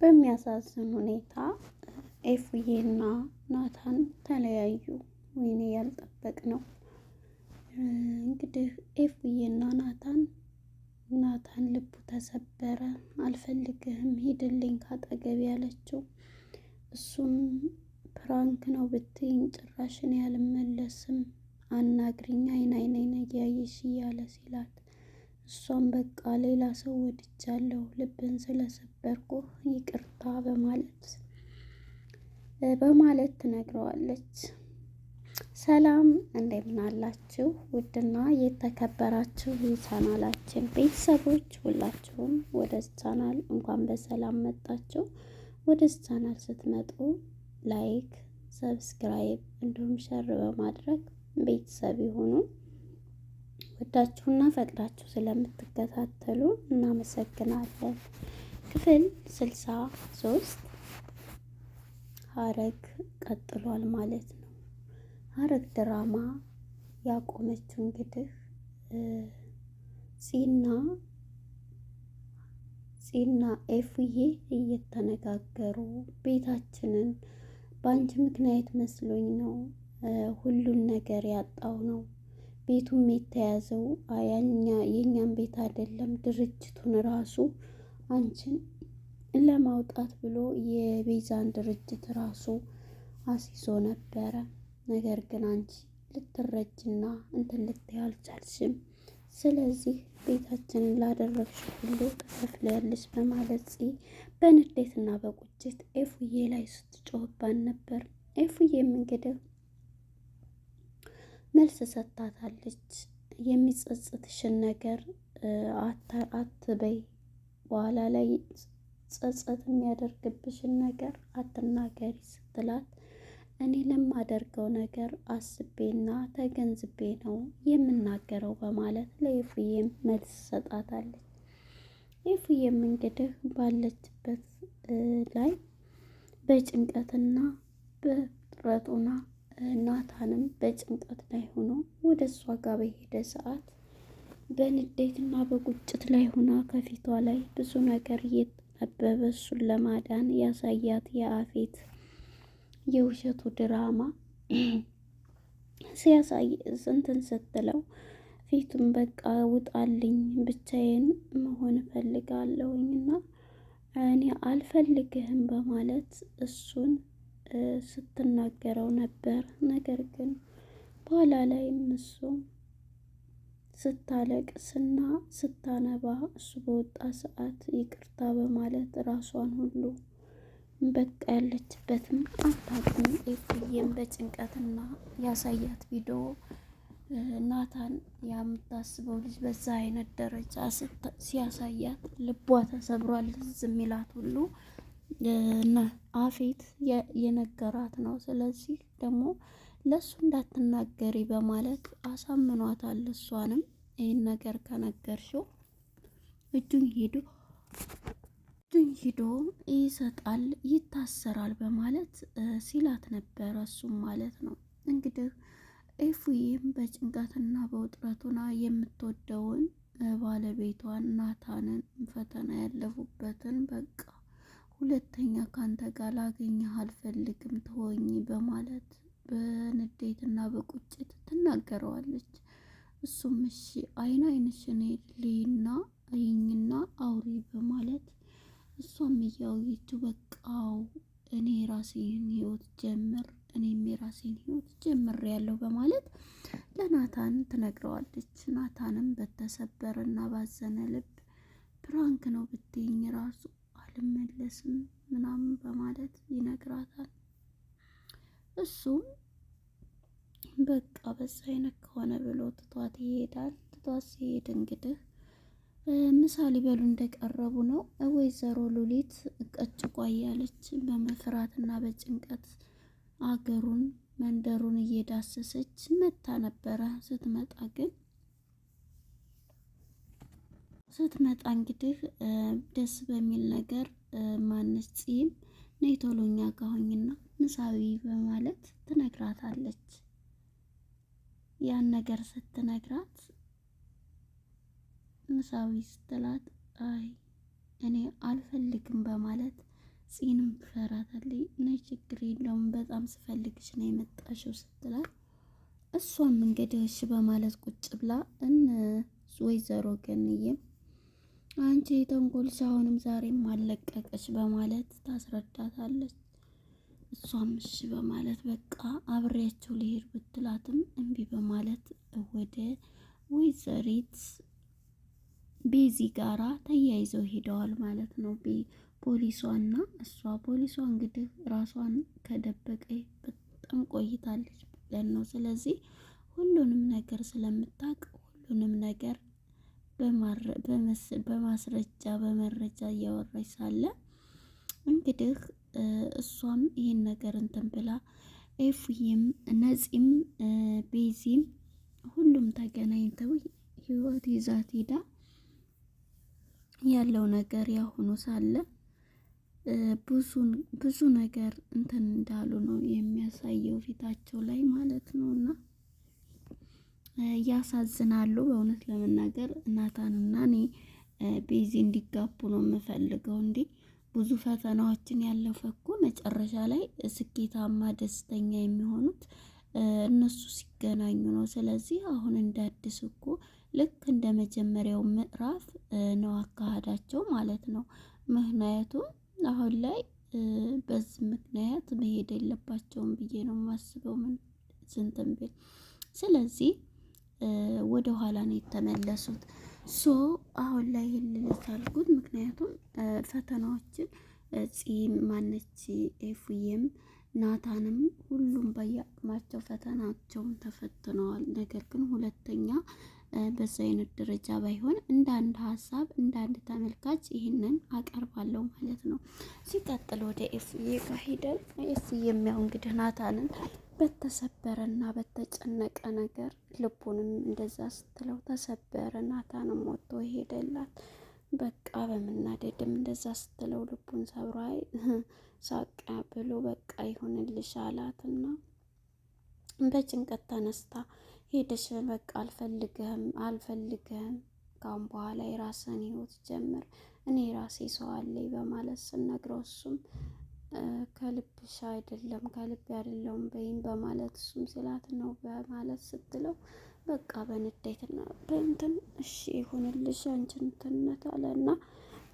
በሚያሳዝን ሁኔታ ኤፍዬ ኤፉዬና ናታን ተለያዩ። ወይኔ ያልጠበቅ ነው እንግዲህ ኤፍዬ ኤፉዬና ናታን ናታን ልቡ ተሰበረ። አልፈልግህም ሂድልኝ ካጠገብ ያለችው እሱም ፕራንክ ነው ብትይኝ ጭራሽን ያልመለስም አናግሪኝ አይን አይነኝ እያየሽ እያለ ሲላት እሷም በቃ ሌላ ሰው ወድጃለሁ፣ ልብን ስለሰበርኩ ይቅርታ በማለት በማለት ትነግረዋለች። ሰላም እንደምን አላችሁ? ውድና የተከበራችሁ የቻናላችን ቤተሰቦች ሁላችሁም ወደ ቻናል እንኳን በሰላም መጣችሁ። ወደ ቻናል ስትመጡ ላይክ፣ ሰብስክራይብ እንዲሁም ሸር በማድረግ ቤተሰብ ይሁኑ። ወዳችሁና ፈቅዳችሁ ስለምትከታተሉ እናመሰግናለን። ክፍል ስልሳ ሶስት ሐረግ ቀጥሏል ማለት ነው። ሐረግ ድራማ ያቆመችው እንግዲህ ፂና ፂና ኤፍዬ እየተነጋገሩ ቤታችንን በአንቺ ምክንያት መስሎኝ ነው ሁሉን ነገር ያጣው ነው ቤቱም የተያዘው ያኛ የእኛም ቤት አይደለም፣ ድርጅቱን ራሱ አንቺን ለማውጣት ብሎ የቤዛን ድርጅት ራሱ አስይዞ ነበረ። ነገር ግን አንቺ ልትረጅና እንትን ልትይ አልቻልሽም። ስለዚህ ቤታችንን ላደረግሽ ሁሉ ትከፍያለሽ በማለት ጽ በንዴትና በቁጭት ኤፉዬ ላይ ስትጮህባን ነበር። ኤፉዬም እንግዲህ መልስ ሰጥታታለች። የሚጸጽትሽን ነገር አትበይ፣ በኋላ ላይ ጸጸት የሚያደርግብሽን ነገር አትናገሪ ስትላት እኔ ለማደርገው ነገር አስቤና ተገንዝቤ ነው የምናገረው በማለት ለኢፉዬም መልስ ሰጣታለች። ኢፉዬም እንግዲህ ባለችበት ላይ በጭንቀትና በጥረቱና ናታንም በጭንቀት ላይ ሆኖ ወደ እሷ ጋር በሄደ ሰዓት በንዴትና በቁጭት ላይ ሆና ከፊቷ ላይ ብዙ ነገር እየተነበበ እሱን ለማዳን ያሳያት የአፌት የውሸቱ ድራማ ሲያሳይ ስንትን ስትለው ፊቱን በቃ ውጣልኝ፣ ብቻዬን መሆን እፈልጋለሁኝ እና እኔ አልፈልግህም በማለት እሱን ስትናገረው ነበር። ነገር ግን በኋላ ላይም እሱ ስታለቅስና ስታነባ እሱ በወጣ ሰዓት ይቅርታ በማለት ራሷን ሁሉ በቃ ያለችበትም አታውቅም። ኤፍዬም በጭንቀትና ያሳያት ቪዲዮ ናታን የምታስበው ልጅ በዛ አይነት ደረጃ ሲያሳያት ልቧ ተሰብሯል። ዝም ይላት ሁሉ አፌት የነገራት ነው። ስለዚህ ደግሞ ለእሱ እንዳትናገሪ በማለት አሳምኗታል። እሷንም ይህን ነገር ከነገርሽው እጁን ሄዶ እጁን ሂዶ ይሰጣል፣ ይታሰራል በማለት ሲላት ነበረ። እሱም ማለት ነው እንግዲህ ኤፉዬም በጭንቀትና በውጥረቱና የምትወደውን ባለቤቷን ናታንን ፈተና ያለፉበትን በቃ ሁለተኛ ካንተ ጋር ላገኘህ አልፈልግም ትሆኝ በማለት በንዴትና በቁጭት ትናገረዋለች። እሱም እሺ አይን አይንሽን ልይና አይኝና አውሪ በማለት እሷም እያወየችው በቃው እኔ የራሴን ህይወት ጀምር እኔም የራሴን ህይወት ጀምር ያለው በማለት ለናታን ትነግረዋለች። ናታንም በተሰበረና ባዘነ ልብ ፕራንክ ነው ብትይኝ ራሱ አልመለስም ምናምን በማለት ይነግራታል። እሱም በቃ በዛ አይነት ከሆነ ብሎ ትቷት ይሄዳል። ትቷት ሲሄድ እንግዲህ ምሳ ሊበሉ እንደቀረቡ ነው ወይዘሮ ሉሊት ቀጭቋ እያለች ና በጭንቀት አገሩን መንደሩን እየዳሰሰች መታ ነበረ። ስትመጣ ግን ስትመጣ እንግዲህ ደስ በሚል ነገር ማነች ጽም ነይ ቶሎ እኛ ጋር ሁኝና በማለት ትነግራታለች። ያን ነገር ስትነግራት ምሳዊ ስትላት አይ እኔ አልፈልግም በማለት ጺንም ትፈራታለች። ነይ ችግር የለውም በጣም ስፈልግሽ ነው የመጣሽው ስትላት እሷም እንግዲህ እሺ በማለት ቁጭ ብላ እነ ወይዘሮ ገንዬም አንቺ የተንኮል ሳይሆንም ዛሬም አለቀቀች በማለት ታስረዳታለች። እሷም እሺ በማለት በቃ አብሬያቸው ሊሄድ ብትላትም እምቢ በማለት ወደ ወይዘሪት ቤዚ ጋራ ተያይዘው ሄደዋል ማለት ነው። ፖሊሷና እሷ ፖሊሷ እንግዲህ ራሷን ከደበቀ በጣም ቆይታለች ብለን ነው። ስለዚህ ሁሉንም ነገር ስለምታውቅ ሁሉንም ነገር በማስረጃ በመረጃ እያወራች ሳለ እንግዲህ እሷም ይህን ነገር እንትን ብላ ኤፉዬም ነፂም ቤዚም ሁሉም ተገናኝተው ህይወት ይዛት ሄዳ ያለው ነገር ያሁኑ ሳለ ብዙ ነገር እንትን እንዳሉ ነው የሚያሳየው ፊታቸው ላይ ማለት ነው እና ያሳዝናሉ። በእውነት ለመናገር እናታንና እኔ ቤዚ እንዲጋቡ ነው የምፈልገው። እንዲ ብዙ ፈተናዎችን ያለፈ እኮ መጨረሻ ላይ ስኬታማ ደስተኛ የሚሆኑት እነሱ ሲገናኙ ነው። ስለዚህ አሁን እንደ አዲስ እኮ ልክ እንደ መጀመሪያው ምዕራፍ ነው አካሄዳቸው ማለት ነው። ምክንያቱም አሁን ላይ በዚህ ምክንያት መሄድ የለባቸውም ብዬ ነው የማስበው። ምን ስንትም ስለዚህ ወደ ኋላ ነው የተመለሱት። ሶ አሁን ላይ ይህንን ካልኩት ምክንያቱም ፈተናዎችን ጺም ማነች ኤፉዬም ናታንም ሁሉም በየአቅማቸው ፈተናቸውን ተፈትነዋል። ነገር ግን ሁለተኛ በዛ አይነት ደረጃ ባይሆን እንደ አንድ ሀሳብ እንደ አንድ ተመልካች ይህንን አቀርባለሁ ማለት ነው። ሲቀጥል ወደ ኤፍዬ ጋር ሄደን ኤፍዬም ያው እንግዲህ ናታንን በተሰበረና በተጨነቀ ነገር ልቡንም እንደዛ ስትለው ተሰበረ። ናታንም ወጥቶ ሄደላት። በቃ በምናደድም እንደዛ ስትለው ልቡን ሰብራይ ሳቅ ብሎ በቃ ይሁንልሽ አላትና በጭንቀት ተነስታ ሄደሽ በቃ አልፈልግህም አልፈልግህም ካሁን በኋላ የራስን ህይወት ጀምር እኔ ራሴ ሰው አለኝ በማለት ስነግረው እሱም ከልብሽ አይደለም ከልብ አይደለም በይም በማለት እሱም ሲላት ነው በማለት ስትለው በቃ በንዴትና በእንትን እሺ ይሁንልሽ አንቺ እንትንነት አለና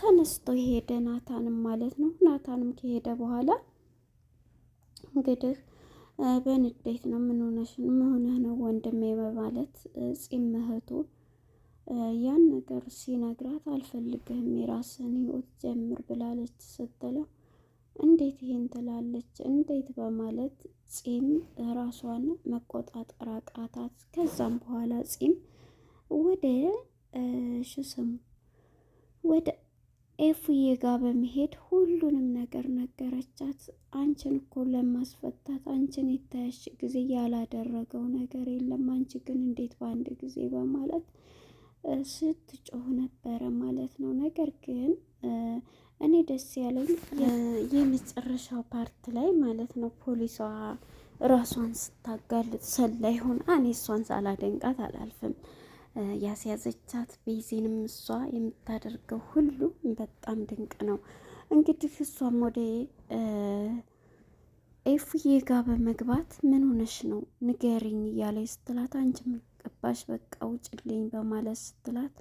ተነስቶ ሄደ። ናታንም ማለት ነው። ናታንም ከሄደ በኋላ እንግዲህ በንዴት ነው ምን ሆነሽ መሆንህ ነው ወንድሜ በማለት ጺም እህቱ ያን ነገር ሲነግራት አልፈልግህም የራስህን ህይወት ጀምር ብላለች ስትለው እንዴት ይህን ትላለች እንዴት በማለት ፂም ራሷን መቆጣጠር አቃታት። ከዛም በኋላ ፂም ወደ ሽስሙ ወደ ኤፉዬ ጋር በመሄድ ሁሉንም ነገር ነገረቻት። አንቺን እኮ ለማስፈታት አንቺን ይታያሽ ጊዜ ያላደረገው ነገር የለም አንቺ ግን እንዴት በአንድ ጊዜ በማለት ስትጮህ ነበረ ማለት ነው ነገር ግን እኔ ደስ ያለኝ የመጨረሻው ፓርት ላይ ማለት ነው ፖሊሷ ራሷን ስታጋልጥ ሰላይ ሆና እኔ እሷን ሳላደንቃት አላልፍም። ያስያዘቻት ቤዚንም እሷ የምታደርገው ሁሉ በጣም ድንቅ ነው። እንግዲህ እሷም ወደ ኤፉዬ ጋር በመግባት ምን ሆነሽ ነው ንገሪኝ እያለ ስትላት፣ አንቺ ምን በቃ ውጭልኝ በማለት ስትላት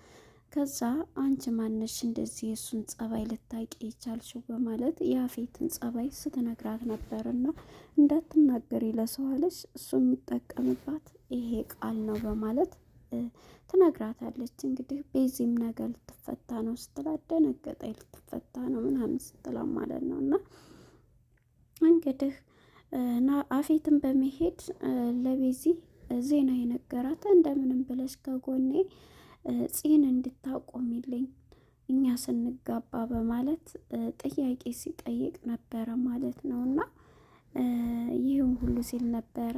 ከዛ አንቺ ማነሽ እንደዚህ የእሱን ጸባይ ልታቂ ይቻልሽው በማለት የአፌትን ጸባይ ስትነግራት ነበርና እንዳትናገሪ ለሰው አለች እሱ የሚጠቀምባት ይሄ ቃል ነው በማለት ትነግራታለች። እንግዲህ ቤዚም ነገር ልትፈታ ነው ስትላት ደነገጠ። ልትፈታ ነው ምናምን ስትላት ማለት ነው እና እንግዲህ አፌትን በመሄድ ለቤዚ ዜና የነገራት እንደምንም ብለሽ ከጎኔ ጺን እንድታቆሚልኝ እኛ ስንጋባ በማለት ጥያቄ ሲጠይቅ ነበረ ማለት ነው። እና ይህም ሁሉ ሲል ነበረ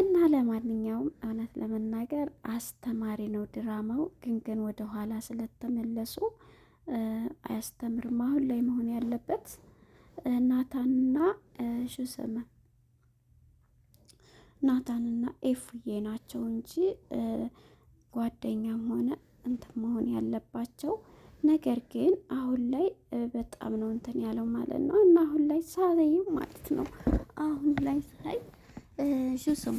እና ለማንኛውም እውነት ለመናገር አስተማሪ ነው ድራማው። ግን ግን ወደኋላ ስለተመለሱ አያስተምርም። አሁን ላይ መሆን ያለበት ናታንና ሹሰመ ናታንና ኤፉዬ ናቸው እንጂ ጓደኛም ሆነ እንትን መሆን ያለባቸው። ነገር ግን አሁን ላይ በጣም ነው እንትን ያለው ማለት ነው። እና አሁን ላይ ሳይም ማለት ነው አሁን ላይ ሳይ ሽስሙ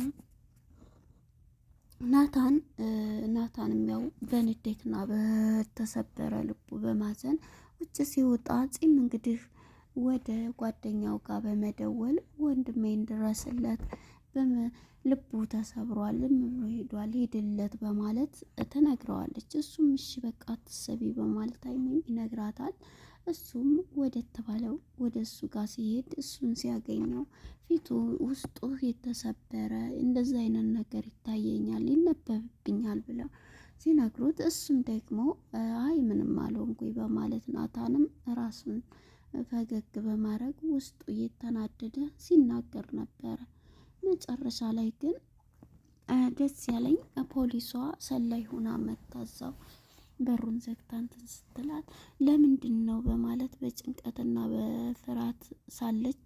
ናታን ናታንም ያው በንዴትና በተሰበረ ልቡ በማዘን ውጭ ሲወጣ ጺም እንግዲህ ወደ ጓደኛው ጋር በመደወል ወንድሜ እንድረስለት ልቡ ተሰብሯል፣ ዝም ብሎ ሄዷል፣ ሄድለት በማለት ትነግረዋለች። እሱም እሺ በቃ አትሰቢ በማለት ሀይሚም ይነግራታል። እሱም ወደ ተባለው ወደ እሱ ጋር ሲሄድ እሱን ሲያገኘው ፊቱ ውስጡ የተሰበረ እንደዚ አይነት ነገር ይታየኛል፣ ይነበብብኛል ብለው ሲነግሩት እሱም ደግሞ አይ ምንም አልሆንኩኝ በማለት ናታንም ራሱን ፈገግ በማድረግ ውስጡ እየተናደደ ሲናገር ነበረ። መጨረሻ ላይ ግን ደስ ያለኝ ፖሊሷ ሰላይ ሆና መታዛው በሩን ዘግታንትን ስትላት ለምንድን ነው በማለት በጭንቀትና በፍርሃት ሳለች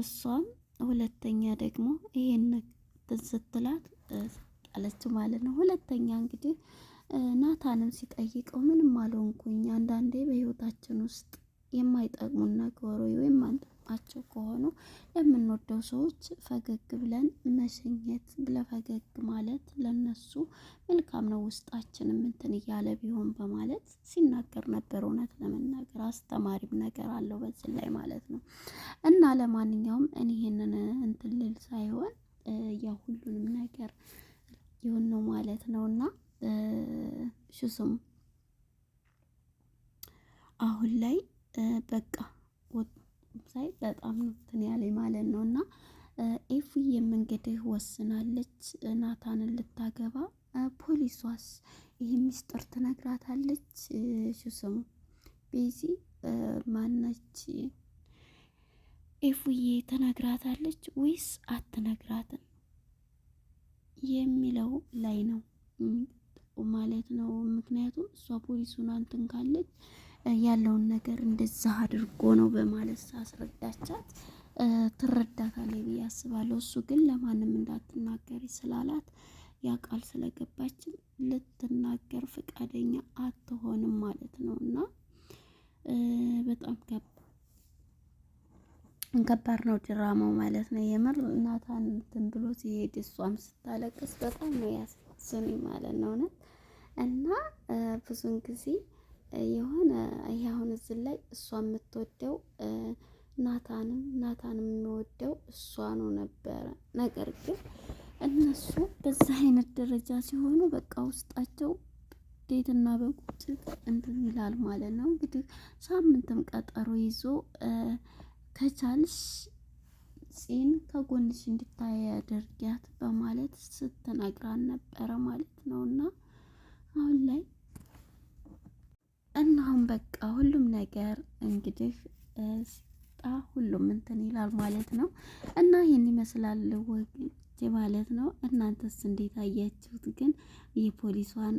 እሷም ሁለተኛ ደግሞ ይሄን ስትላት አለች ማለት ነው። ሁለተኛ እንግዲህ ናታንም ሲጠይቀው ምንም አልሆንኩኝ አንዳንዴ በህይወታችን ውስጥ የማይጠቅሙና ከወሬው የማንጠቅማቸው ከሆኑ ለምንወደው ሰዎች ፈገግ ብለን መሸኘት፣ ለፈገግ ማለት ለነሱ መልካም ነው፣ ውስጣችንም እንትን እያለ ቢሆን በማለት ሲናገር ነበር። እውነት ለመናገር አስተማሪም ነገር አለው በዚህ ላይ ማለት ነው። እና ለማንኛውም እኔ ይሄንን እንትልል ሳይሆን ያ ሁሉንም ነገር ይሁን ነው ማለት ነው እና ሽስም አሁን ላይ በቃ ሳይ በጣም ነው እንትን ያለኝ ማለት ነው። እና ኤፉዬም እንግዲህ ወስናለች ናታንን ልታገባ። ፖሊሷስ ይህ ሚስጥር ትነግራታለች። ስሙ ቤዚ ማነች? ኤፉዬ ትነግራታለች ወይስ አትነግራትም የሚለው ላይ ነው ማለት ነው። ምክንያቱም እሷ ፖሊሱን አንትን ካለች ያለውን ነገር እንደዛ አድርጎ ነው በማለት ሳስረዳቻት ትረዳታለች ብዬ አስባለሁ። እሱ ግን ለማንም እንዳትናገሪ ስላላት ያ ቃል ስለገባችን ልትናገር ፈቃደኛ አትሆንም ማለት ነው እና በጣም ከባድ ነው ድራማው ማለት ነው። የምር እናታን እንትን ብሎ ሲሄድ እሷም ስታለቅስ በጣም ነው ያሳዝነኝ ማለት ነው እና ብዙን ጊዜ የሆነ ይሄ አሁን እዚህ ላይ እሷ የምትወደው ናታንም ናታንም የሚወደው እሷ ነው ነበረ። ነገር ግን እነሱ በዛ አይነት ደረጃ ሲሆኑ በቃ ውስጣቸው ዴትና በቁጭት እንትን ይላል ማለት ነው። እንግዲህ ሳምንትም ቀጠሮ ይዞ ከቻልሽ ጺን ከጎንሽ እንድታያደርጊያት በማለት ስትነግራን ነበረ ማለት ነው እና አሁን ላይ እና በቃ ሁሉም ነገር እንግዲህ ስጣ ሁሉም እንትን ይላል ማለት ነው። እና ይህን ይመስላል ወግጅ ማለት ነው። እናንተስ እንዴት አያችሁት? ግን የፖሊሷን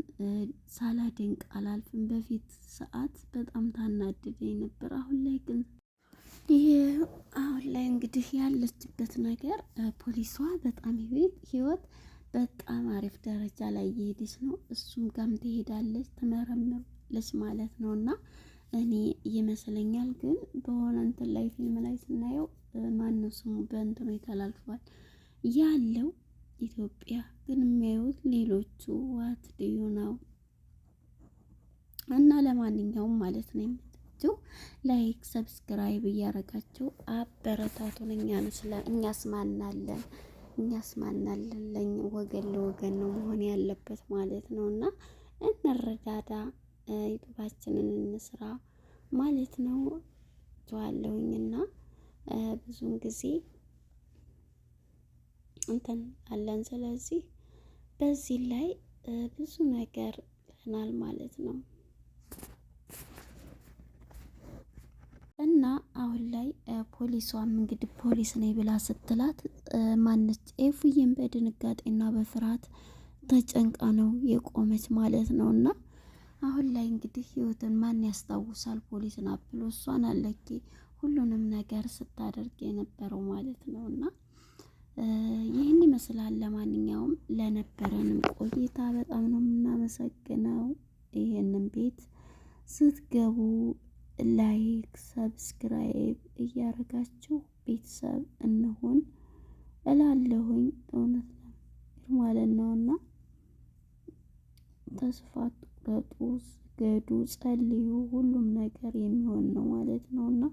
ሳላደንቅ አላልፍም። በፊት ሰዓት በጣም ታናድደኝ ነበር። አሁን ላይ ግን ይህ አሁን ላይ እንግዲህ ያለችበት ነገር ፖሊሷ በጣም ይቤት ህይወት በጣም አሪፍ ደረጃ ላይ እየሄደች ነው። እሱም ጋም ትሄዳለች ትመረምር ትላለች ማለት ነው። እና እኔ ይመስለኛል ግን በሆነ እንትን ላይ ፊልም ላይ ስናየው ማነው ስሙ በእንትኑ ተላልፏል ያለው ኢትዮጵያ ግን የሚያዩት ሌሎቹ ዋት ድዩ ነው። እና ለማንኛውም ማለት ነው የምትችው ላይክ ሰብስክራይብ እያረጋችሁ አበረታቱን። እኛ ስለ እኛ ስማናለን እኛ ስማናለን። ማናለን? ወገን ለወገን ነው መሆን ያለበት ማለት ነው እና እንረዳዳ። ዩቱባችንን እንስራ ማለት ነው ተዋለውኝና ብዙውን ጊዜ እንትን አለን። ስለዚህ በዚህ ላይ ብዙ ነገር ይሆናል ማለት ነው እና አሁን ላይ ፖሊሷም እንግዲህ ፖሊስ ነኝ ብላ ስትላት ማነች ኤፉዬን በድንጋጤና በፍርሃት ተጨንቃ ነው የቆመች ማለት ነው እና አሁን ላይ እንግዲህ ህይወትን ማን ያስታውሳል? ፖሊስን አብሎ እሷን አለኬ ሁሉንም ነገር ስታደርግ የነበረው ማለት ነው። እና ይህን ይመስላል። ለማንኛውም ለነበረንም ቆይታ በጣም ነው የምናመሰግነው። ይህንን ቤት ስትገቡ ላይክ፣ ሰብስክራይብ እያደረጋችሁ ቤተሰብ እንሆን እላለሁኝ። እውነት ነው ማለት ነውና ተስፋ ቁረጡ፣ ስገዱ፣ ጸልዩ፣ ሁሉም ነገር የሚሆን ነው ማለት ነው እና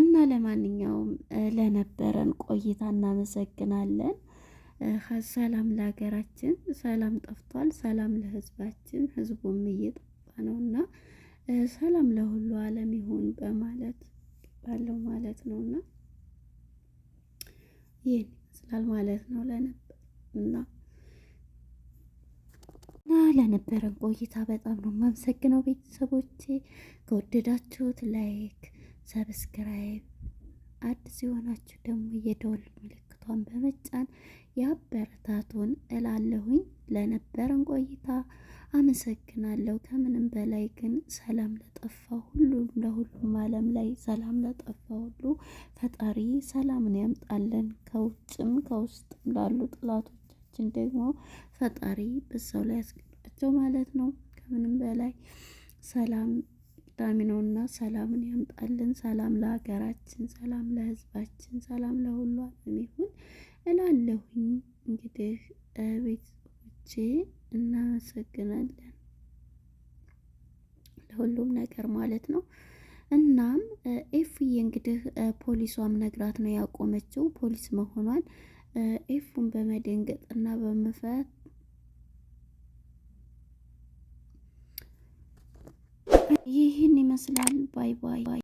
እና ለማንኛውም ለነበረን ቆይታ እናመሰግናለን። ሰላም ለሀገራችን፣ ሰላም ጠፍቷል። ሰላም ለህዝባችን ህዝቡም እየጠፋ ነው እና ሰላም ለሁሉ ዓለም ይሁን በማለት ባለው ማለት ነው እና ይህን ይመስላል ማለት ነው ለነበርና እና ለነበረን ቆይታ በጣም ነው የማመሰግነው። ቤተሰቦቼ ከወደዳችሁት ላይክ፣ ሰብስክራይብ አዲስ የሆናችሁ ደግሞ የደወል ምልክት ምልክቷን በመጫን ያበረታቱን እላለሁኝ። ለነበረን ቆይታ አመሰግናለሁ። ከምንም በላይ ግን ሰላም ለጠፋ ሁሉ ለሁሉም ዓለም ላይ ሰላም ለጠፋ ሁሉ ፈጣሪ ሰላምን ያምጣለን። ከውጭም ከውስጥም ላሉ ጥላቶቻችን ደግሞ ፈጣሪ በሰው ላይ ያስገባቸው ማለት ነው። ከምንም በላይ ሰላም ተቀዳሚ ነውና ሰላምን ያምጣልን። ሰላም ለሀገራችን፣ ሰላም ለህዝባችን ሰላም ለሁሉ ዓለም ይሁን እላለሁኝ። እንግዲህ ቤተሰቦቼ እናመሰግናለን ለሁሉም ነገር ማለት ነው። እናም ኤፍዬ እንግዲህ ፖሊሷም ነግራት ነው ያቆመችው ፖሊስ መሆኗን ኤፉን በመደንገጥ እና በመፍራት ይህን ይመስላል። ባይ ባይ።